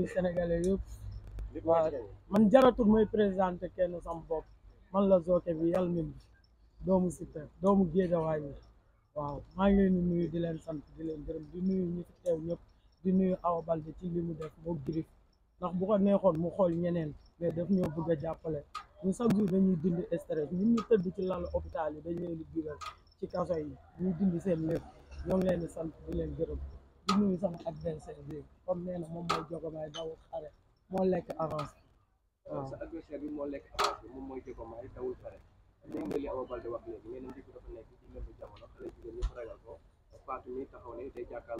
nuyu sénégalais yëpp man jaratul mooy présenté kenn sama man la Zoké bi yal min bi doomu Siteu doomu Géejawaay bi waaw maa ngi leen di di leen sant di leen gërëm di nuyu ñi teew ñëpp di nuyu aw Baldé ci li mu def moo girif ndax bu ko neexoon mu xool ñeneen mais def ñoo bëgg a jàppale mu chaque jour dañuy dindi stress ñun ñu tëdd ci lal hôpital yi dañ leen di dugal ci kaso yi ñu dind seen lépp ñoo ngi leen di sant di leen gërëm di nuyu sama adversaire bi comme nee na moom moo lekk avance waaw sa bi moo lekk avance moom mooy Jogomaay dawul xare dégg nga li Ama léegi nee na njëkk dafa nekk ci lëmb jamono xale ko Fatou mi taxaw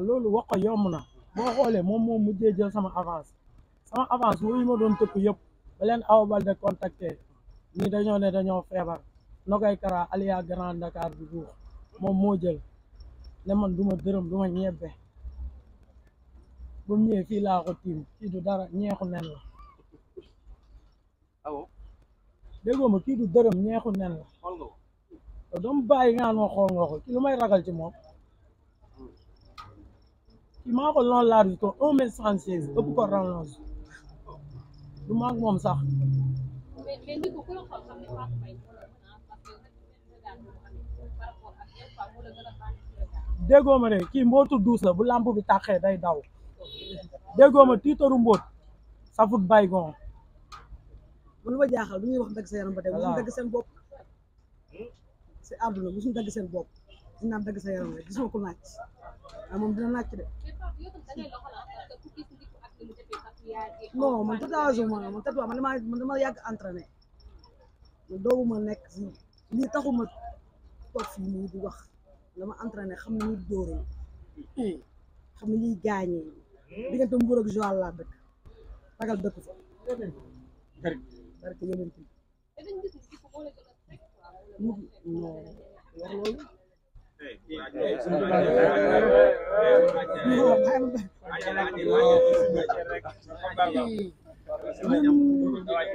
loolu wax ko na boo xoolee moom moom mujjee jël sama avance sama avance yooyu ma doon tëkk yëpp ba leen Ama Baldé contacté ñi dañoo ne dañoo feebar Nogaye Kara alias Grand Dakar bi buux moom moo jël ne man du ma dërëm du ma ñebbe ba mu ñëwee tiim kii du dara ñeexu nen la awo déggoo ma kii du dërëm ñeexu nen la xool nga ko nga noo xool nga ko lu may ragal ci moom ki maa ko loon laaj ko un mètre soixante seize ëpp ko rallonge du maag moom sax déggoo ma ne kii mbootu duus bu làmp bi tàqee day daw déggoo ma tiitaru mbóot safut baygon man lu ma jaaxal lu ñuy wax dagg sa yaram ba tey musuñu seen bopp si àdduna musuñu dagg seen bopp dina am dagg sa yaram rek gisuma ko naaj waaye ah, moom dina naaj de non man tatouage ma man tatouage man dama man dama yàgg entraîné man doobu nekk si lii taxuma toog fii nii wax dama entraîné xam ni ñuy dóoree xam ni ñuy gaañee diggante ak Joal la dëkk ragal dëkk fa. barke yeneen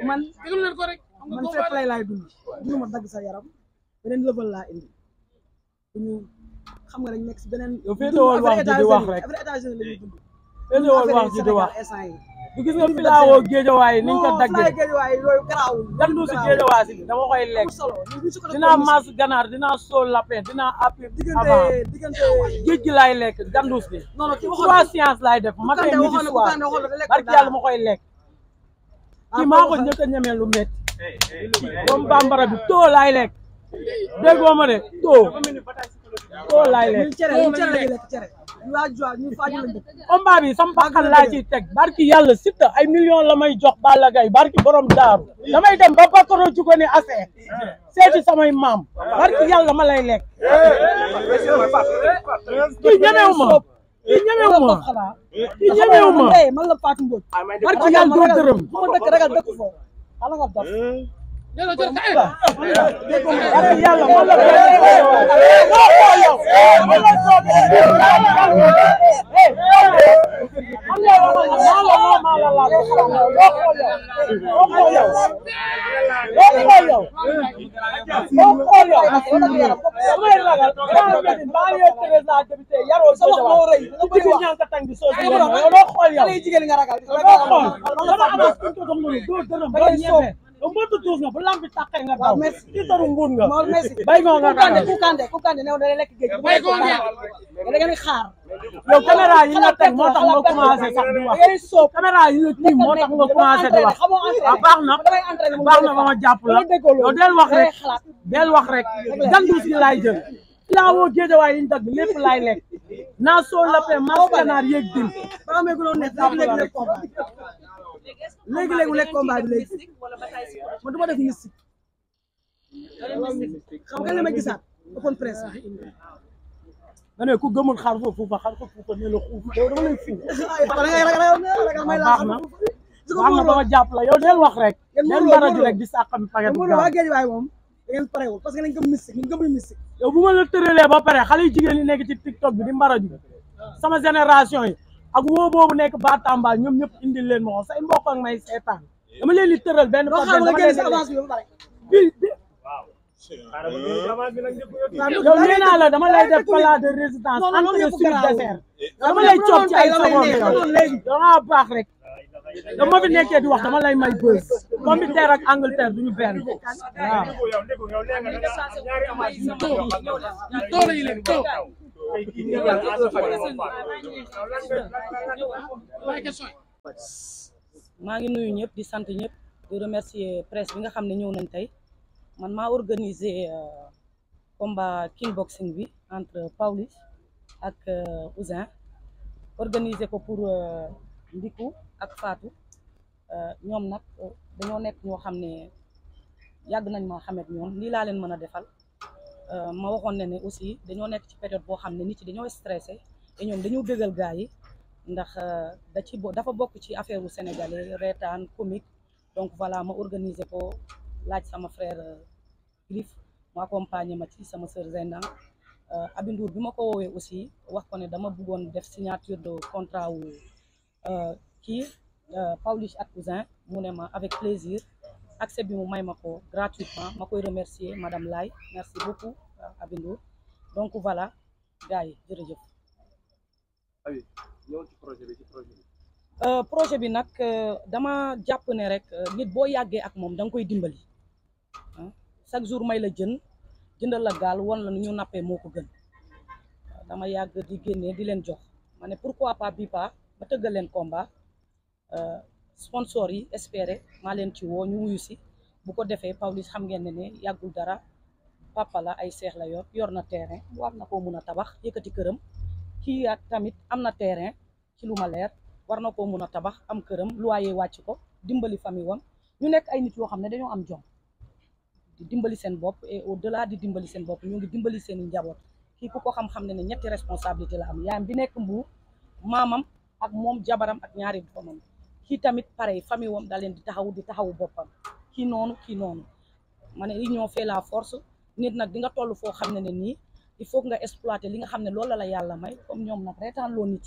man man fépp lay laay dund. dund ma dagg yaram beneen level laa indi. xam nga rek nekk si beneen. féetewal wax ji di wax rek féetewal wax ji di wax. du gis nga filaawo géejawaay niñ ko daggee gandu si géejawaay si dama koy lekk dinaa mas ganaar dinaa sool lapin dinaa app avant géej gi lekk gandu si trois science laay def matin midi soir barki a ma koy lekk ah, kii maa ko a ñemee lu métti comme bambara bi too laay lekk déggoo ma de too koo laay lekk ñun cere ñun cere la ñuy lekk cere waa joie ñun Fadio lañ dëkk. combat bi sama bakkan laa ciy teg barki yàlla Siteu ay million la may jox Balla Gaye barki borom daaru damay dem ba Bakaro ci ko ni affaire seeti samay maam barki yàlla ma lay lekk. kii ñemewu ma kii ñemewu ma kii ñemewu ma ah, barki yàlla doo dërëm. Dóor dërëm o moto tuus nga bu lamb bi tàqee nga daw merci ci taru nguur nga moor merci bay goo nga kande ku kande ku kande new da lekk géej bay goo nga da ngeen xaar yow caméra yi nga teg moo tax nga commencé sax di wax caméra yi nga tiim moo tax nga commencé di wax waaw ah, baax na baax na ba ma jàpp la yow del wax rek del wax rek gandu si laay jël laa woo géejawaay yi ñu dagg lépp laay lekk naa soo ah, lappee maa kanaar yéeg dim ba amee ko doon nekk lépp lekk léegi léegi mu nekk combat bi léegi man du ma def mystique xam nga li ma gisaat open press ma ne ku gëmul xaar ko fuufa xaar ko fuufa ne la xuuf yow dama lay fuuf. baax na baax na ba ma jàpp la yow del wax rek. del bara ji rek di sàqam paquet bu gaaw waaye moom da ngeen parewul parce que nañ gëm mystique ñu gëmul mystique. yow bu ma la tëralee ba pare xale yu jigéen yi nekk ci tiktok bi di mbaraju sama génération yi. ak woo boobu nekk Batamba ñoom ñëpp indil leen ma say mbokk ak may seetaan dama leen di tëral benn. doo xam nga génn si avance bi ba pare. bi bi. yow nee naa la dama lay def plat de résistance entre sur dessert dama lay coob ci ay seconde yow dama baax rek dama fi nekkee di wax dama lay may bës Angleterre ak Angleterre duñu benn waaw maa ngi nuyu ñëpp di sant ñëpp di remercier presse bi nga xam ne ñëw nañ tey man maa organisé euh, combat kickboxing bi entre Pawlish ak euh, Ouzin organiser ko pour euh, Ndiku ak Fatou ñoom nag dañoo nekk ñoo xam ne yàgg nañ maa xamet ñoom lii laa leen mën a defal Euh, ma waxoon ne ne aussi dañoo nekk ci période boo xam ne nit yi dañoo stressé ñoom dañoo bégal gaa yi ndax euh, da ci dafa bokk ci affaire u sénégalais reetaan comique donc voilà ma organiser ko laaj sama frère Grif euh, mu accompagner ma ci sama sœur Zeyna bi ma ko woowee aussi wax ko ne dama bëggoon def signature de contrat wu kii Pawlish ak Cousin mu ne ma avec plaisir accès bi mu may ma ko gratuitement ma koy remercier madame lay merci beaucoup euh, Abindou donc voilà gars yi jërëjëf. Ah projet bi ci projet euh, nag euh, dama jàpp ne rek nit boo yàggee ak moom danga koy dimbali chaque jour may la jën jëndal la gaal won la nu ñu nappee moo ko gën dama yàgg di génnee di leen jox ma ne pourquoi pas bi pas ma tëggal leen combat. sponsor yi espéré maa leen ci woo ñu wuyu si bu ko defee Pawlish xam ngeen ne ne yàggul dara papa ay seex la yor yor na terrain war na koo mun a tabax yëkkati këram kii ak tamit am na terrain ci lu ma leer war na koo mun a tabax am këram loyer wàcc ko dimbali famille wam ñu nekk ay nit yoo xam ne dañoo am jom di dimbali seen bopp et di dimbali seen bopp ñu ngi dimbali seen njaboot kii ku ko xam-xam ne ne ñetti responsabilité la am yaayam bi nekk mbuur maamam ak moom jabaram ak ñaari doomam kii tamit pareil famille wam da leen di taxaw di taxawu boppam kii noonu kii noonu ma ne union fait la force nit nag di nga toll foo xam ne ne nii il faut nga exploiter li nga xam ne loolu la la yàlla may comme ñoom nag reetaan loo nit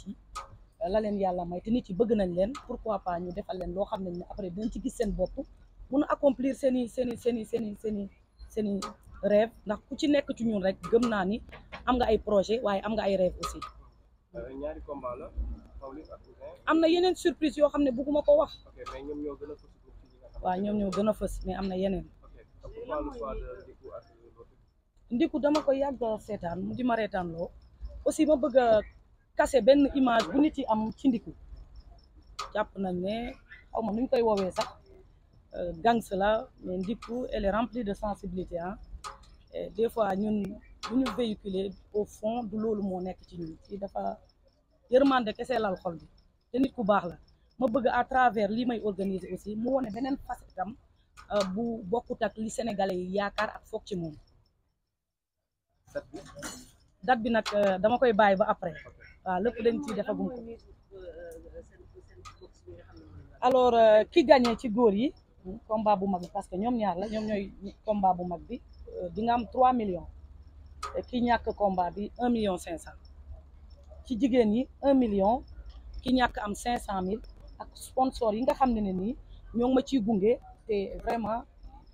la leen yàlla may te nit yi bëgg nañ leen pourquoi pas ñu defal leen loo xam ne ne après dinañ ci gis seen bopp mun a accomplir seen i seen i seen i seen i rêve ndax ku ci nekk ci ñun rek gëm naa ni am nga ay projet waaye am nga ay rêve aussi euh, am na yeneen surprise yoo xam ne bugguma ko wax. waaw ñoom ñoo gën a fës mais am na yeneen. ndiku dama ko yàgg seetaan mu di ma reetaan loo aussi ma bëgg a kase benn image bu nit yi am ci ndiku jàpp nañ ne xaw ma nuñ koy woowee sax euh, gangs la mais ndiku elle est de sensibilité ah des fois ñun bu ñu véhiculer au fond du loolu moo nekk ci ñun ci dafa. yërmande kese lal xol bi te nit ku baax la ma bëgg à travers li may organiser aussi mu wone beneen facette tam euh, bu bokkut ak li sénégalais yi yaakaar ak foog ci moom date bi nag euh, dama koy bàyyi ba après waaw lépp dañ ciy defagum ko alors euh, ki gagné ci góor yi combat bu mag bi parce que ñoom ñaar la ñoom ñooy combat bu mag bi di nga am trois millions te ki ñàkk combat bi un million cent ci jigéen yi un million ki ñàkk am cinq cent mille ak sponsor yi nga xam ne ne nii ñoo ngi ma ciy gunge te vraiment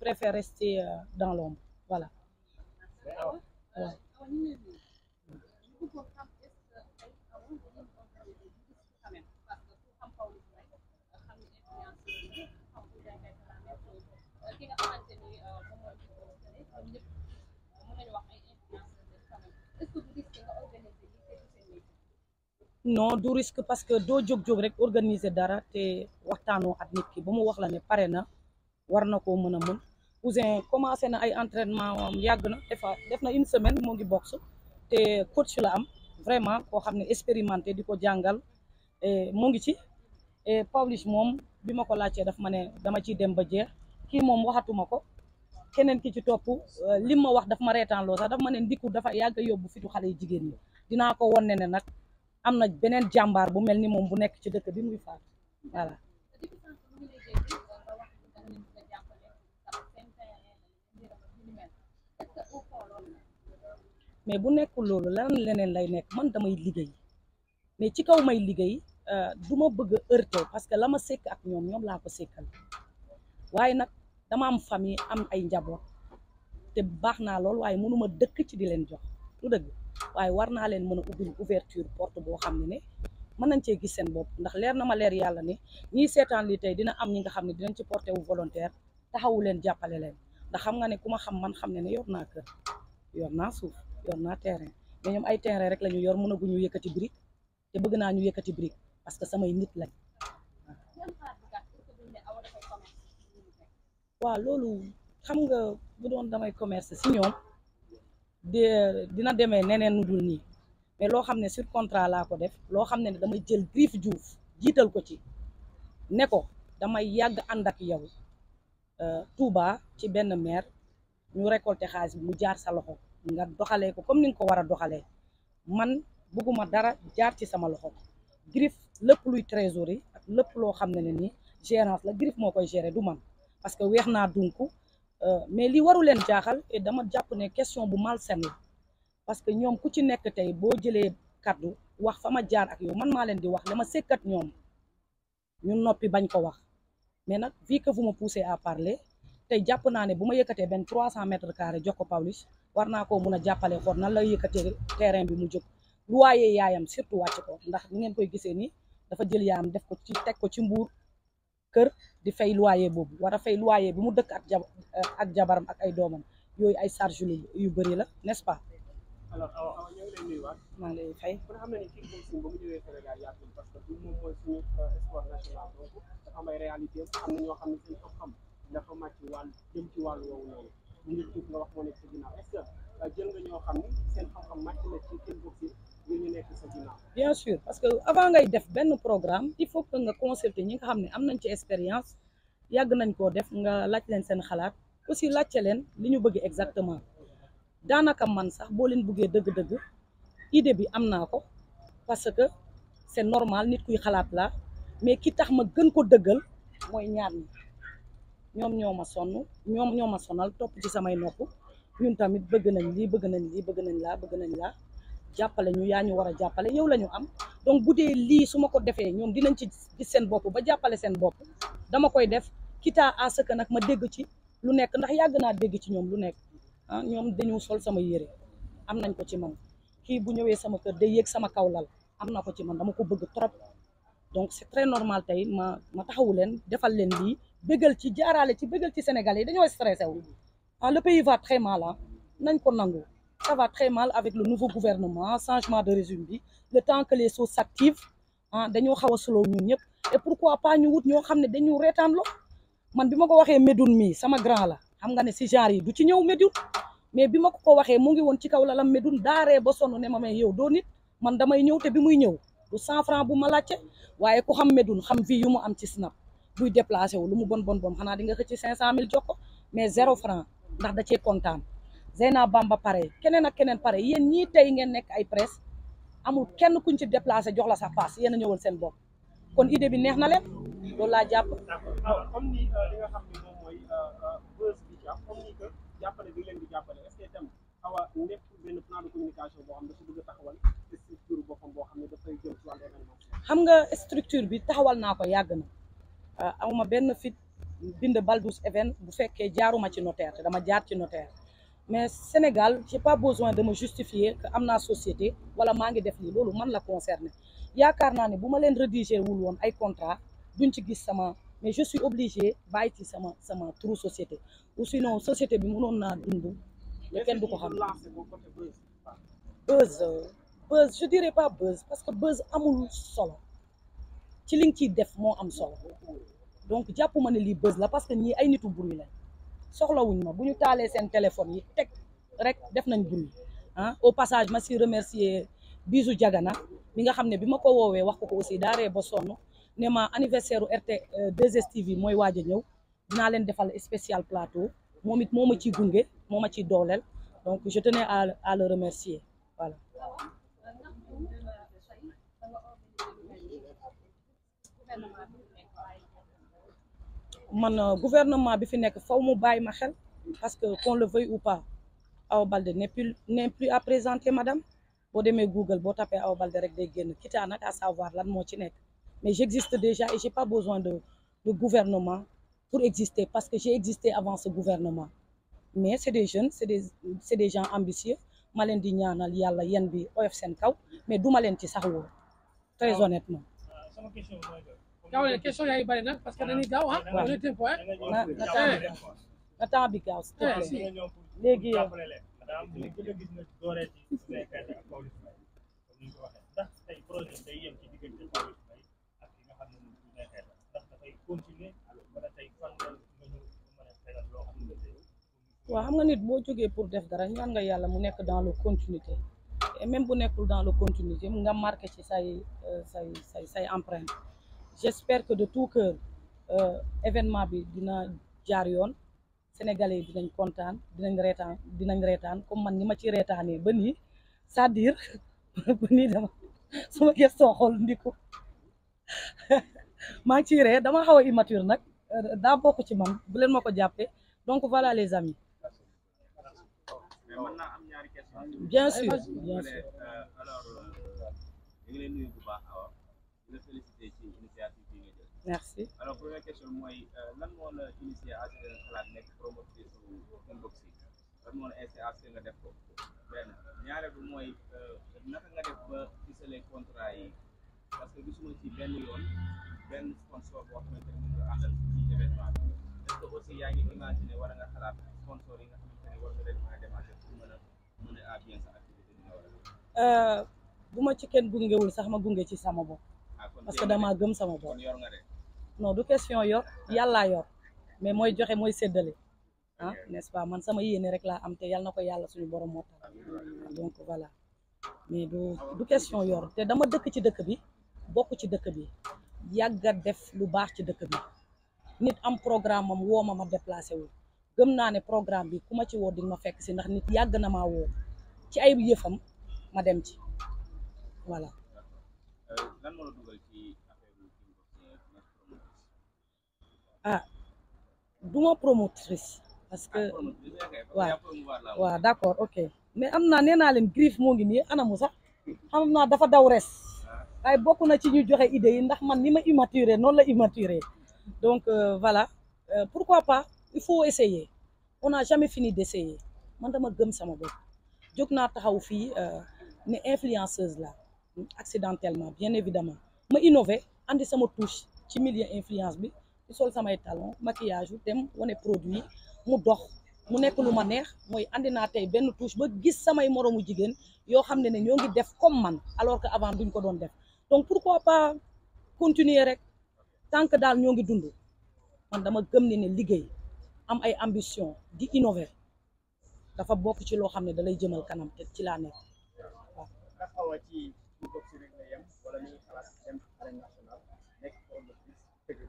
préfère rester euh, dans l'ombre voilà non du risque parce que doo jog jóg rek organiser dara te waxtaanoo at nit ba mu wax la ne pare na war na koo mën a mën Ouzin commencé na ay entraînement am yàgg na defa def na une semaine moo ngi boxe te coach la am vraiment koo xam ne expérimenté di ko jàngal e mu ngi ci et Pawlish moom bi ma ko laajtee daf ma ne dama ciy dem ba jeex kii moom waxatuma ko keneen ki ci topp e li ma wax daf ma reetaan loo sax daf ma ne ndiku dafa yàgg yóbbu fitu xale yu jigéen ñi dinaa ko won ne nag am na beneen jàmbaar bu mel ni moom bu nekk ci dëkk bi muy faatu voilà mais bu nekkul loolu la leneen lay nekk man damay liggéey mais ci kaw may liggéey euh, du ma bëgg a parce que la ma sekk ak ñoom ñoom laa ko sekkal waaye nag dama am famille am ay njaboot te baax naa lool waaye mënuma dëkk ci di leen jox lu dëgg waaye war naa leen mën a ubbil ouverture porte boo xam ne ne mën nañ cee gis seen bopp ndax leer na ma leer yàlla ne ñiy seetaan li tey dina am ñi nga xam ne dinañ ci porté wu taxawu leen jàppale leen ndax xam nga ne ku ma xam man xam ne ne yor naa kër yoon naa suuf yoon naa terrain mais ñoom ay terrain rek la ñu yor mënaguñu yëkkati brique te bëgg naa ñu yëkkati brique parce que samay nit lañ waaw loolu xam nga bu doon damay commerce si ñoom dina demee neneen dul nii mais loo xam ne sur contrat laa ko def loo xam ne damay jël Griff Diouf jiital ko ci ne ko damay yàgg ànd ak yow euh, Touba ci benn maire ñu récolter xaalis bi mu jaar sa loxo nga doxalee ko comme ni nga ko war a doxalee man bëgguma dara jaar ci sama loxo Griff lëpp luy trésorerie lépp loo xam ne ne nii gérance la Griff moo koy gérer du man parce que weex naa dunku Euh, mais li waru leen jaaxal dama jàpp ne question bu malsaine la parce que ñoom ku ci nekk tey boo jëlee kaddu wax fa ma jaar ak yow man maa leen di wax dama sekkat ñoom ñun noppi bañ ko wax mais nag vu que vous me poussez à parler tey jàpp naa ne bu ma yëkkatee benn trois cent mètres carrés jox ko Pawlish war naa ko mun a jàppalee xool nan la yëkkatee terrain bi mu jóg loyer yaayam surtout wàcc ko ndax ngeen koy gisee nii dafa jël yaayam def ko ci teg ko ci mbuur kër di fay loyer boobu war a fay loyer bi mu dëkk ak ja eh, ak jabaram ak ay doomam yooyu ay charge yu bëri la n'est-ce pas maa ngi lay fay ba nga xam ne parce que moom mooy suñu eh, sport national donc am ay am na ñoo xam ne suñu xam-xam bien sûr parce que avant ngay def benn programme il faut que nga consulter ñi nga xam ne am nañ ci expérience yàgg nañ koo def nga laaj leen seen xalaat aussi laajte leen li ñu bëgg exactement daanaka man sax boo leen bëggee dëgg-dëgg idée bi am naa ko parce que c'est normal nit kuy xalaat la mais ki tax ma gën ko dëggal mooy ñaar ñi ñoom ñoo ma sonn ñoom ñoom ma sonal topp ci samay nopp ñun tamit bëgg nañ lii bëgg nañ lii bëgg nañ laa bëgg nañ laa jàppale ñu yaa ñu war a jàppale yow lañu am donc bu dee lii su ma ko defee ñoom dinañ ci gis seen bopp ba jàppale seen bopp dama koy def quitte à ce que nag ma dégg ci lu nekk ndax yàgg naa dégg ci ñoom lu nekk ah ñoom dañu sol sama yére am nañ ko ci man kii bu ñëwee sama kër day yéeg sama kaw lal am na ko ci man dama ko bëgg trop donc c'est très normal tey ma ma taxawu leen defal leen lii bégal ci jaaraale ci bégal ci sénégal yi dañoo stressé wu ah le pays va très mal ah. nañ ko nangu ça va très mal avec le nouveau gouvernement changement de régime bi le temps que les choses s'activent ah dañoo xaw a solo ñëpp et pourquoi pas ñu wut ñoo xam ne dañu reetaan lo man bi ma ko waxee Médoune mii sama grand la xam nga ne si genre yi du ci ñëw Médoune mais bi ma ko ko waxee mu ngi woon ci kaw la lalam Médoune daaree ba sonn ne ma may yow doo nit man damay ñëw te bi muy ñëw du cent franc bu ma laajte waaye ku xam Médoune xam vie yu mu am ci snap buy déplacé wu lu mu bon bon bon xanaa di nga xëcc cinq cent mille jox ko mais zéro franc ndax da cee kontaan Zeyna Bamba pare keneen ak keneen pare yéen ñii tey ngeen nekk ay presse amul kenn kuñ ci déplacé jox la sa yéen a ñëwal seen bopp kon idée bi neex na leen loolu laa jàpp. d'accord comme ni euh, li nga xam euh, euh, ne moom bi nekk xam nga structure bi taxawal naa ko yàgg na amuma benn fit bind Baldouz Event bu fekkee jaaruma ci notaire dama jaar ci notaire. mais Sénégal j'ai pas besoin de me justifier que am naa société wala maa ngi def lii loolu man la concerné yaakaar naa ne bu ma leen rédiger wul woon ay contrat duñ ci gis sama mais je suis obligé bàyyi ci sama sama trou société ou sinon société bi mënoon naa dund kenn du ko xam buzz buzz je dirais pas buzz parce que buzz amul solo ci li nga ciy def moo am solo donc jàpp ma ne lii buzz la parce que ñii ay nitu bruit la soxlawuñ ma bu ñu taalee seen téléphone yi teg rek def nañ julli ah au passage ma si remercier Bijou jagana mi nga xam ne bi ma ko woowee wax ko ko aussi daaree ba sonn ne ma anniversaire u RT 2STV euh, mooy waaj a ñëw dinaa leen defal spécial plateau moom it moo ma ciy gunge moom ma ciy dooleel donc je tenais à à le remercier man euh, gouvernement bi fi nekk faw mu bàyyi ma xel parce que qu'on le veuille ou pas Awa Baldé n'est plus n'est plus à présenter madame boo demee Google boo tapee Awa Baldé rek day génn quitte à nag à savoir lan moo ci nekk mais j'existe déjà et j'ai pas besoin de de gouvernement pour exister parce que j'ai existé avant ce gouvernement mais c'est des jeunes c'est des c'est des gens ambitieux ma leen di ñaanal yàlla yan bi oyof seen kaw mais duma leen ci sax wóor daaw leen question bëri nag parce que dañuy gaaw ah. waaw na na temps bi gaaw xam nga nit boo jógee pour def dara ñaan nga yàlla mu nekk dans le continuité et même bu nekkul dans le continuité nga marqué ci say euh, say say say empreinte. j'espère que de tout cœur euh, événement bi dina jaar yoon sénégalais yi dinañ kontaan dinañ reetaan dinañ reetaan comme man ni ma ci reetaanee ba ni c'est-à-dire ba nii dama sama gestoo ndiku maa ngi ciy ree dama xaw a immature nag euh, daa bokk ci man bu leen ma ko jàppee donc voilà les amis bien sûr bien sûr euh, merci alors première question mooy euh, lan moo la initié à ce xalaat nekk promotrice unboxing lan moo la nga def ko benn ñaareel bi mooy euh, naka nga def ba gisale contrat yi parce que gisuma ci benn yoon benn sponsor boo xamante ne nga àndal ci yaa ngi imaginé nga xalaat sponsor yi nga xamante ne war nga leen a a mën a bien sa activité nga war euh, bu ma ci kenn gungewul sax ma gunge ci sama bopp ah, parce que damaa gëm sama bopp non du question yor yàllaa yor mais mooy joxe mooy séddale ah nest man sama yéene rek laa am te yàlla na ko yàlla suñu borom moo donc voilà mais du du question yor te dama dëkk ci dëkk bi bokk ci dëkk bi yàgga def lu baax ci dëkk bi nit am programme am woo ma ma déplacé wu gëm naa ne programme bi ku ma ci woo di ma fekk si ndax nit yàgg na maa woo ci ay yëfam ma dem ci voilà. Euh, ah duma promotrice parce que ah, waaw waaw d'accord ok mais am naa nee naa leen griffe moo ngi nii anamu sax xam naa dafa daw res ah. waaye bokk na ci ñu joxe idée yi ndax man ni ma immaturé noonu la immaturé donc euh, voilà euh, pourquoi pas il faut essayer on n'a jamais fini d'essayer man dama gëm sama bopp jóg naa taxaw fii euh, ne influenceuse la accidentellement bien évidemment ma innové andi sama touche ci millier influence bi di sol samay talon maquillage yu te wane produit mu dox mu nekk lu ma neex mooy andi naa tey benn touche ba gis samay moroomu jigéen yoo xam ne ne ñoo ngi def comme man alors que avant ñu ko doon def donc pourquoi pas continuer rek tant que daal ñoo ngi dund man dama gëm ne ne liggéey am ay ambition di innover dafa bokk ci loo xam ne dalay jëmal kanam ci laa nekk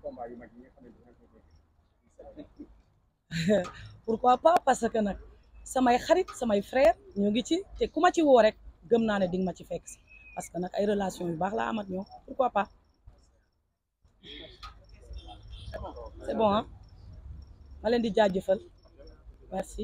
combat yu mag yi nga xamante ne pourquoi pas parce que nag samay xarit samay frère ñoo ngi ci te ku ma ci woo rek gëm naa ne di ma ci fekk si parce que nag ay relation yu baax laa amat ñoo pourquoi pas c'est bon ah ma leen di jaajëfal merci